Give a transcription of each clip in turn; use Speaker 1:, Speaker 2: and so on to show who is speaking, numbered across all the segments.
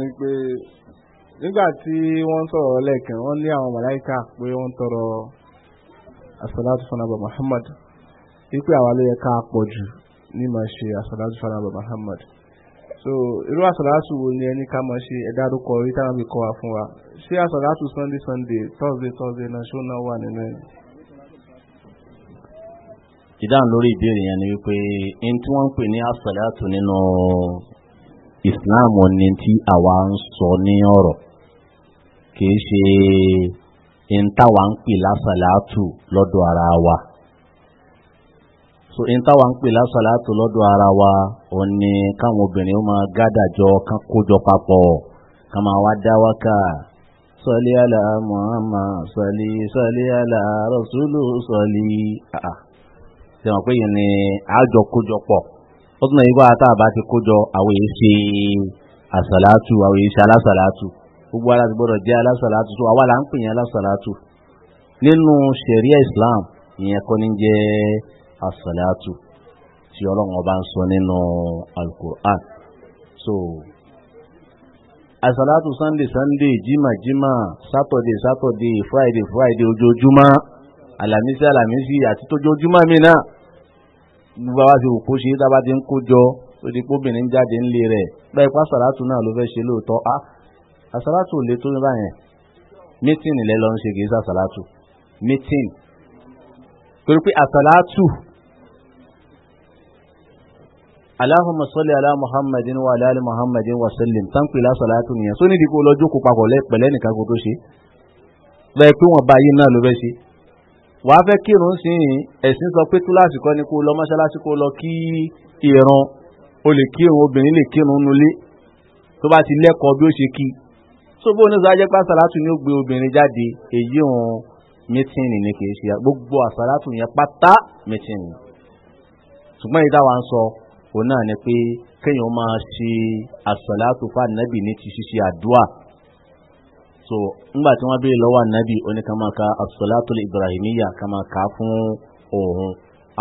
Speaker 1: ni pé nígbà tí wọ́n sọ̀rọ̀ lẹ́ẹ̀kan wọ́n lé àwọn màláìka pé wọ́n tọrọ asọ́láàtú fanaba muhammad wípé àwa ló yẹ ká pọ̀ jù ní ma ṣe asọ́láàtú fanaba muhammad so irú asọ́láàtú wo ni ẹni ká máa ṣe ẹ̀dá àdúkọ orí táwọn fi kọ́ wa fún wa ṣé asọ́láàtú sunday sunday thursday thursday náà ṣó
Speaker 2: náà wà nínú ẹ̀. ìdáhùn lórí ìbéèrè yẹn ni wípé ní tí wọ́n ń pè ní asọ́láàtú nínú islam ni tí àwa ń sọ ní ọ̀rọ̀ kìí ṣe ìntàwà ń pè lásàlátù lọ́dọ̀ ara wa so ìntàwà ń pè lásàlátù lọ́dọ̀ ara wa ò ní káwọn obìnrin ó máa gádàjọ kán kójọ papọ̀ ká máa wá dá wákà sọlí àlà Muhammad sọlí sọlí àlà Rasulu sọlí àà ṣe wọn pé yìí ni àjọ kójọ pọ̀ ó tún náà yí pàtà àbá ti kójọ àwọn èyí ṣe àsàlátù àwọn èyí ṣe alásàlátù gbogbo ara ti gbọ́dọ̀ jẹ́ Islam ìyẹn kọ́ ní jẹ́ àsàlátù tí ọlọ́run ọba ń sọ nínú al so àsàlátù Sunday Sunday Jima Jima Saturday Saturday Friday Friday ojoojúmọ́ Alamisi Alamisi àti tójoojúmọ́ mi gbogbo àwa ti wò kó ṣe dábàá ti ń kó jọ tó di kóbìnrin jáde ńlé rẹ̀ bẹ́ẹ̀ pa sàràtù náà ló fẹ́ ṣe lóòótọ́ a àsàràtù ò lè tó ní báyẹn mítìnì lẹ́ lọ́n ṣe kì í sàsàràtù mítìnì torí pé àsàràtù Allahumma salli ala Muhammadin wa ala ali Muhammadin wa sallim tán pè lásàràtù nìyẹn sóní ìdíkò lọ́jọ́ kó papọ̀ pẹ̀lẹ́ nìkan kó tó ṣe bẹ́ẹ̀ pé wọ́n bá yín náà ló fẹ́ ṣe wà á fẹ́ kírun sí yìí ẹ̀sìn sọ pé túláàsì kọ́ ni kó lọ mọ́ṣáláṣí kó lọ kí ìran o lè kírun obìnrin lè kírun nulé tó bá ti lẹ́kọ̀ọ́ bí ó ṣe kí tó bó ní sọ́jẹ́ pé àsàlátù ni ó gbé obìnrin jáde èyí òun mítìnì ni kìí ṣe gbogbo àsàlátù yẹn pátá mítìnì ṣùgbọ́n ìdá wa ń sọ òun náà ni pé kéèyàn máa ṣe àsàlátù fún ní ti ṣíṣe àdúrà so ńgbà tí wọ́n anabi lọ́wọ́ ànábì oníkàmáka asọ́látòlè ibrahimiya kàmáka fún òun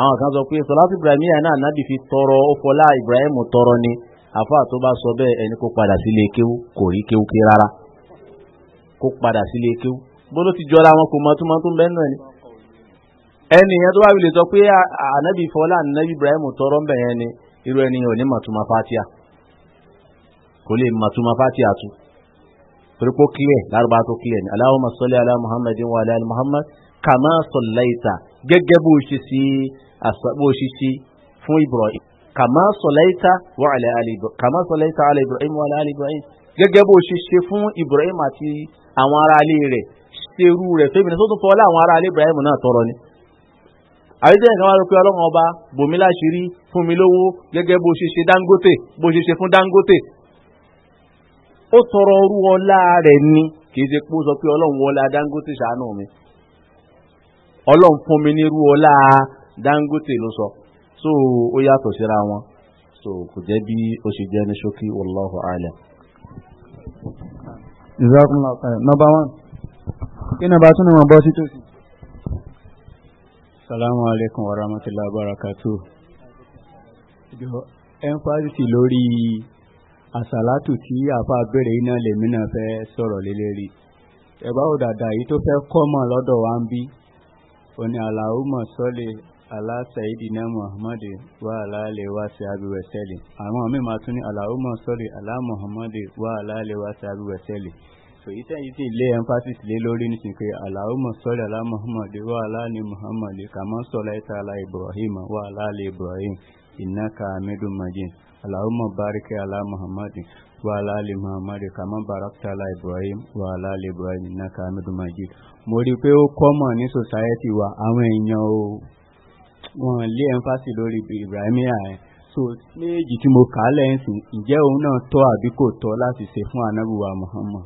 Speaker 2: àwọn kan sọ pé sọlátò ibrahimiya náà ànábì fi tọrọ ó fọlá ibrahim tọrọ ni àfáà tó bá sọ bẹ́ẹ̀ ẹni kó padà sílé kéwú kò rí kéwú ké rárá kó padà sílé kéwú bóló ti jọra wọn kò mọ tó bẹ́ẹ̀ náà ni ẹni yẹn tó bá wí lè sọ pé ànábì fọlá ànábì ibrahim tọrọ ń bẹ̀ yẹn ni irú ẹni yẹn ò ní màtúmọ̀ fatia kò lè màtúmọ̀ fatia tún. torí pé ó clear lárúbá tó clear ni Allahumma salli ala muhammadin wa ala ali muhammad kama sallaita gẹ́gẹ́ bó ṣe sí bó ṣe sí fún ibrahim kama sallaita wa ala ali kama sallaita ala ibrahim wa ala ali ibrahim gẹ́gẹ́ bó ṣe ṣe fún ibrahim àti àwọn ará ilé rẹ̀ ṣerú rẹ̀ fẹ́mi ní sọ́tún fọlá àwọn ará ilé ibrahim náà tọrọ ni àrídẹ́ nǹkan wá pé ọlọ́run ọba bòmí láṣìírí fún mi lówó gẹ́gẹ́ bó ṣe ṣe dangote bó ṣe ṣe fún dangote ó tọrọ ruo ọlá rẹ̀ ni kì ṣe pé ó dangote ṣàánú mi ọlọ́run fún mi nírú ọlá dangote ló sọ so ó yàtọ̀ síra wọn so kò jẹ́ bí ó ṣe jẹ́ ní ṣókí wàláhù alẹ́.
Speaker 1: kí ni bá tún ní wọn bọ́ sí tòsí. salamu alaykum wa rahmatulahi barakatu. lórí àsàlátù tí àfa bẹ̀rẹ̀ iná lèmi náà fẹ́ sọ̀rọ̀ lélẹ́rí ẹ̀bá ò dàda yìí tó fẹ́ kọ́ mọ̀ lọ́dọ̀ wa ń bí òní àlàúmọ̀ sọ́lẹ̀ aláṣàìdìnà muhammadu wà aláàlẹ̀ wá sí abíwẹ̀ sẹ́lẹ̀ àwọn míì máa tún ní àlàúmọ̀ sọ́lẹ̀ aláàmuhammadu wà aláàlẹ̀ wá sí abíwẹ̀ sẹ́lẹ̀ so iṣẹ́ yìí sì lé emphasis lé lórí nísìnyí pé àlàúmọ̀ sọ́lẹ̀ aláàmuhammadu wà aláàlẹ̀ muhammadu kàmọ́ sọ́lẹ̀ ìtàlá ibrahim wà aláàlẹ̀ ibrahim ìnáka amídùmájín اللهم بارك على محمد وعلى آل محمد كما باركت على إبراهيم وعلى آل naka إنك حميد مجيد mo rí i pé ó wa o wọn lé ẹnfàsì lórí ibrahim yẹn so méjì mo kà á lẹ́yìn sí ǹjẹ́ òun náà tọ́ àbí kò tọ́ láti muhammad.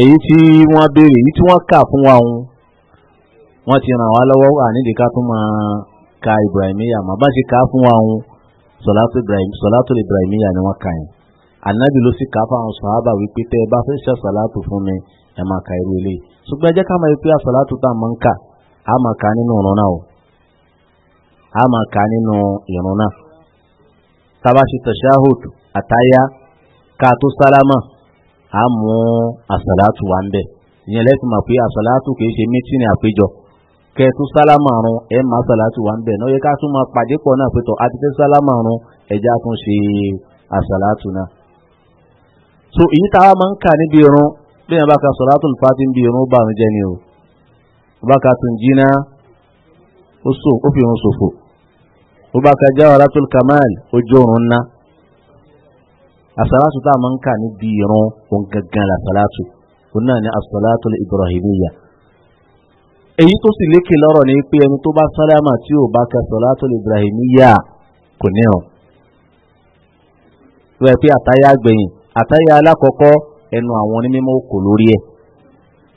Speaker 2: èyí tí wọn béèrè fún wa wọ́n ti ràn wá lọ́wọ́ wà nídìí ká tún máa ka ibrahimiya mọ́ bá ṣe ká fún wa òun sọ̀látò ibrahimiya ni wọ́n kà yín ànábì ló sì ká fáwọn sọ̀hábà wípé tẹ́ ẹ bá fẹ́ ṣe sọ̀látò fún mi ẹ máa ka irú ilé ṣùgbọ́n ẹ jẹ́ ká máa wípé àsọ̀látò tá a máa ń kà á máa kà nínú ọ̀run náà o máa ka nínú ìrun náà tába ṣe tashahud àtayá ká tó sálámà a mú àsàlátù wa ń bẹ̀ ìyẹn lẹ́sìn máa pé àsàlátù kìí ṣe mítíìnì àpéjọ kẹtún sálámà run ẹ máa sàlátù wà ń bẹ̀ náà yẹ ká tún máa pàdé pọ̀ náà pẹ̀tọ̀ àti sálámà run ẹja tún àsàlátù náà. so èyí táwa máa ń kà níbi irun bí wọn bá ka sọ̀rọ̀ àtúntò fati ń bi irun bàrún jẹ́ ni o bá ka tún jiná ó fi irun ṣòfò ó bá ka jáwọ́ arátul kamal ó jó òrun ná àsàlátù táwa máa ń kà níbi irun òun gangan òun náà ní àsàlátù ibrahimiyya èyí tó sì lékè lọ́rọ̀ ni pé ẹni tó bá sálámà tí ò bá ka Salatul Ibrahimiyya kò ní ọ̀ lọ́wọ́ pé àtàyà àgbẹ̀yìn àtàyà alákọ̀ọ́kọ́ ẹnu àwọn onímọ̀ kò lórí ẹ̀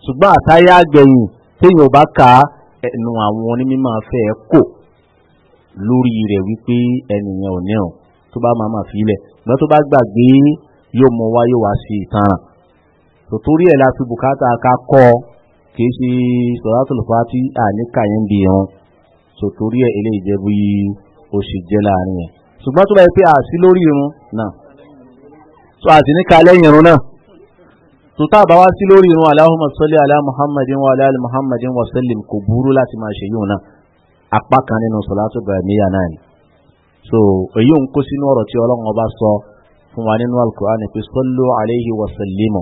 Speaker 2: ṣùgbọ́n àtàyà àgbẹ̀yìn téèyàn ò bá ka ẹnu àwọn onímọ̀ fẹ́ kò lórí rẹ̀ wípé ẹnìyàn ò ní ọ̀ tó bá máa máa filẹ̀ ṣùgbọ́n tó bá gbàgbé yóò mọ wá wá sí ìtanràn tòtórí ẹ̀ la bùkátà ká kọ́ ọ kìí ṣe sọ̀rọ̀tòlù fàtí àníkà yẹn bí irun so torí ẹ̀ ilé ìjẹ́bú yìí ó sì jẹ́ láàrin ẹ̀ ṣùgbọ́n tó bá yẹ pé àsí lórí irun náà so àti níka lẹ́yìn irun náà tó tá a sí lórí irun Allahumma salli ala Muhammadin wa ala ali Muhammadin kò burú láti máa ṣe yóò náà apá kan nínú sọ̀rọ̀tò gbàmíyà náà ni so èyí ń kó sínú ọ̀rọ̀ tí ọlọ́run ọba sọ fún wa nínú Al-Qur'an pé sallu alayhi wa sallimu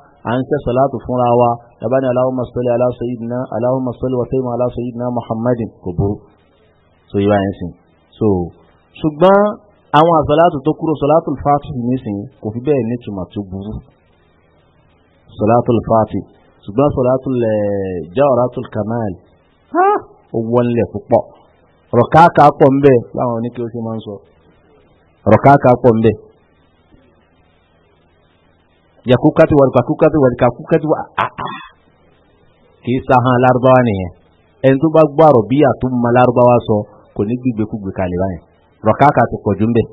Speaker 2: à ń ṣe sọ̀láàtù fúnra wa tabani Allahumma salli ala sayyidina Allahumma salli wa sallim ala sayyidina Muhammadin kò burú so yóò àyẹ̀ sìn so ṣùgbọ́n àwọn àsọ̀láàtù tó kúrò sọ̀láàtù fàtì nísìn kò fi bẹ́ẹ̀ nítumọ̀ tó burú sọ̀láàtù fàtì ṣùgbọ́n sọ̀láàtù jawratu kamal ó wọlé púpọ̀ rọ̀káàkà pọ̀ ń bẹ́ẹ̀ láwọn oníkẹ́ ó ṣe máa ń sọ rọ̀káàkà pọ̀ ń yakukatu walikakukatu walikakukatu wa aa ah, ah. kì í sahan larubawa nìyẹn ẹni tó bá gbàrọ̀ bí àtúmọ̀ larubawa sọ kò ní gbígbékúgbé kalẹ̀ báyìí rọ̀káàkà ti pọ̀jù ń bẹ̀.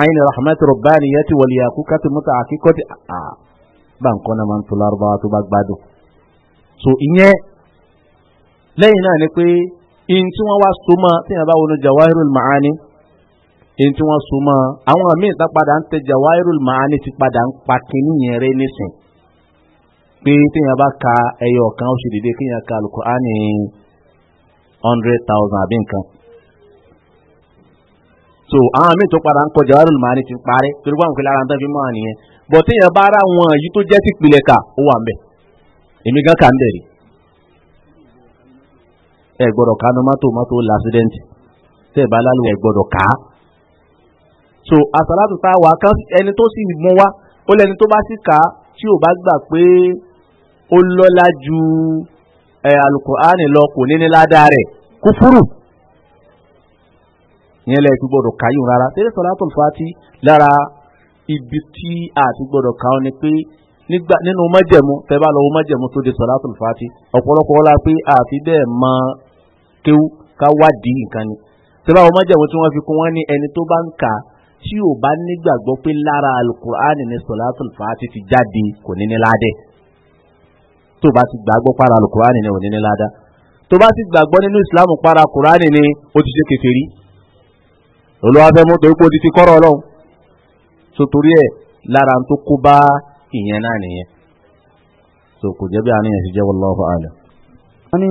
Speaker 2: ayin rahmat rabbani yati wali yakukatu muta akikoti aa ah, báńkọ́ náà máa ń larubawa tó bá gbádùn. so ìyẹn lẹ́yìn náà ni pé in tí wọ́n wá so mọ́ tí jawahirul ma'ani èyí tí wọ́n so mọ́ àwọn míì tá padà ń tẹjà wáírùl màání ti padà ń pa kínní yẹn rẹ nísìn pé téèyàn bá ka ẹyọ kan ó ṣe dédé kéèyàn ka alukur'ani hundred thousand àbí nǹkan. so àwọn míì tó padà ń kọjá wáírùl màání ti parẹ́ torí wọ́n fi lára ń tán fi mọ́ àníyẹn bọ̀ téèyàn bá ara wọn èyí tó jẹ́ sí ìpìlẹ̀ kà ó wà ń èmi gan kà ń bẹ̀ ẹ gbọ́dọ̀ kánú so àsàlátù tá a wà kán ẹni tó sì mú wa ó lẹni tó bá sì kà á tí ò bá gbà pé ó lọ́lá ju alukur'ani lọ kò ní ní ládàá rẹ̀ kúfúrù yẹn lẹ́yìn tí gbọ́dọ̀ kà yìí rárá tẹ́lẹ̀ sọ́látù fati lára ibi tí a ti gbọ́dọ̀ kà ọ́ ni pé nígbà nínú mọ́jẹ̀mú tẹ́ bá lọ́wọ́ mọ́jẹ̀mú tó de sọ́látù fati ọ̀pọ̀lọpọ̀ ọlá pé àfi bẹ́ẹ̀ mọ kéwú ká wádìí nǹkan ni tẹ́ bá wọ́n mọ́jẹ̀mú tí wọ́n fi kún wọ́n ní ẹni tó bá ń kà á tí ò bá nígbàgbọ́ pé lára alukur'an ní sọ̀látùl fàátì ti jáde kò ní ní ládẹ́ tó bá ti gbàgbọ́ para alukur'an ní ò ní ládá tó bá ti gbàgbọ́ nínú ìsìláàmù para kur'an ní ó ti ṣe kèfèrí olùwàfẹ́ mú torí pé ó ti fi kọ́rọ̀ ọlọ́run so torí ẹ̀ lára tó kó bá ìyẹn náà nìyẹn so kò jẹ́ bí àníyàn ṣe jẹ́ wallahu a'lam. wọ́n ní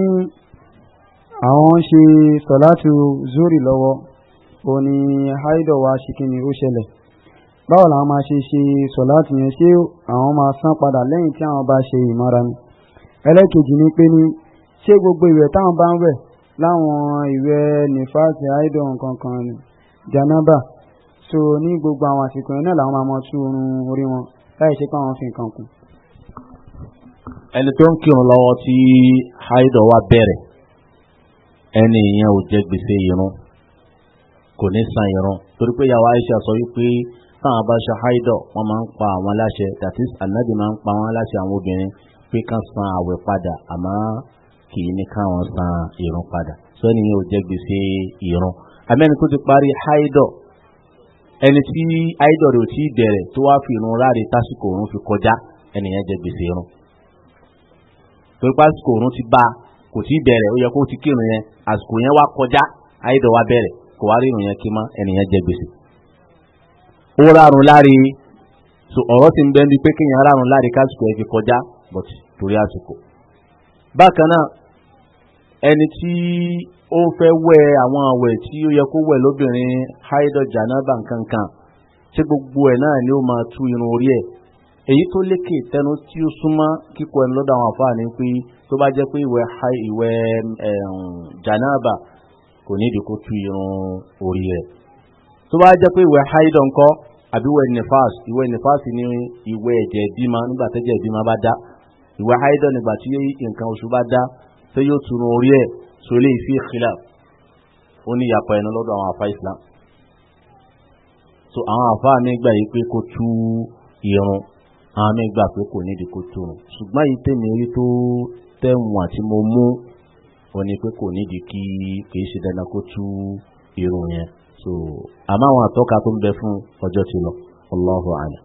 Speaker 1: àwọn ṣe sọ̀látù zuri lọ́wọ́ ó ní haidọ̀ wa ṣe kí ni ó ṣẹlẹ̀ báwo làwọn máa ṣe ṣe sọ̀láàtì yẹn ṣé àwọn máa san padà lẹ́yìn tí àwọn bá ṣe ìmọ́ra ni ẹlẹ́kejì ni pé ní ṣé gbogbo ìwẹ̀ táwọn bá ń wẹ̀ láwọn ìwẹ̀ nífàsì haidọ̀ nǹkan kan ni janaba so ní gbogbo àwọn àsìkò yẹn náà làwọn máa mọ tú oorun orí wọn láì ṣe pé àwọn fi nǹkan kù.
Speaker 2: ẹni tó ń kírun lọ́wọ́ tí haidọ̀ wa bẹ̀rẹ̀ ẹni ìyẹn ò jẹ́ gbèsè yìí kò ní san ìrun torí pé yàwó Aisha sọ wípé táwọn bá ṣe haidọ wọn máa ń pa àwọn aláṣẹ that is anabi máa ń pa àwọn aláṣẹ àwọn obìnrin pé kán san àwẹ̀ padà àmọ́ kì í ní káwọn san ìrun padà sọ́ni yóò jẹ́ gbèsè ìrun amẹ́ni tó ti parí haidọ ẹni tí haidọ rẹ̀ ò tí ì bẹ̀rẹ̀ tó wá fi ìrun ráre tásìkò òun fi kọjá ẹnìyẹn jẹ́ gbèsè ìrun torí pásìkò òun ti bá kò tí ì bẹ̀rẹ̀ ó yẹ kó ti kírun yẹn àsìkò yẹn wá kọjá haidọ wá bẹ̀rẹ̀ kò wá rí irun yẹn jẹ gbèsè ó rárun láre so ọ̀rọ̀ ti ń bẹ́ẹ̀ ni pé kéèyàn rárun ẹ̀ fi kọjá but torí àsìkò bákan náà ẹni tí ó fẹ́ wẹ àwọn àwẹ̀ tí ó yẹ kó wẹ̀ lóbìnrin nkankan tí gbogbo ẹ̀ náà ni ó máa irun orí ẹ̀ èyí tó lékè tẹnu tí ó súnmọ́ kíkọ ẹni lọ́dọ̀ àwọn àfáà ni pé tó bá jẹ́ pé ìwẹ̀ janaba kò ní ìdíkó tú irun orí rẹ̀ tó bá jẹ́ pé ìwẹ̀ haidọ̀ ńkọ́ àbí ìwẹ̀ nefas ìwẹ̀ nefas ni ìwẹ̀ ẹ̀jẹ̀ ìbímọ nígbà tẹ́jẹ̀ ìbímọ bá dá ìwẹ̀ haidọ̀ nígbà tí nǹkan oṣù bá dá tó yóò túnú orí ẹ̀ tó lè fi khilaf ó ní ìyàpọ̀ ẹnu lọ́dọ̀ àwọn àfa islam so àwọn àfa mi gbà yí pé kó tú irun àwọn mi gbà pé kò ní ìdíkó tú irun ṣùgbọ́n yìí tèmi rí tó tẹ̀wọ̀n àti mo mú wọ́n ní pé kò nídìí kí kìí ṣe dandan kó tú irun yẹn so àmọ́ àwọn àtọ́ka tó ń bẹ fún ọjọ́ ti lọ Allahu a'lam.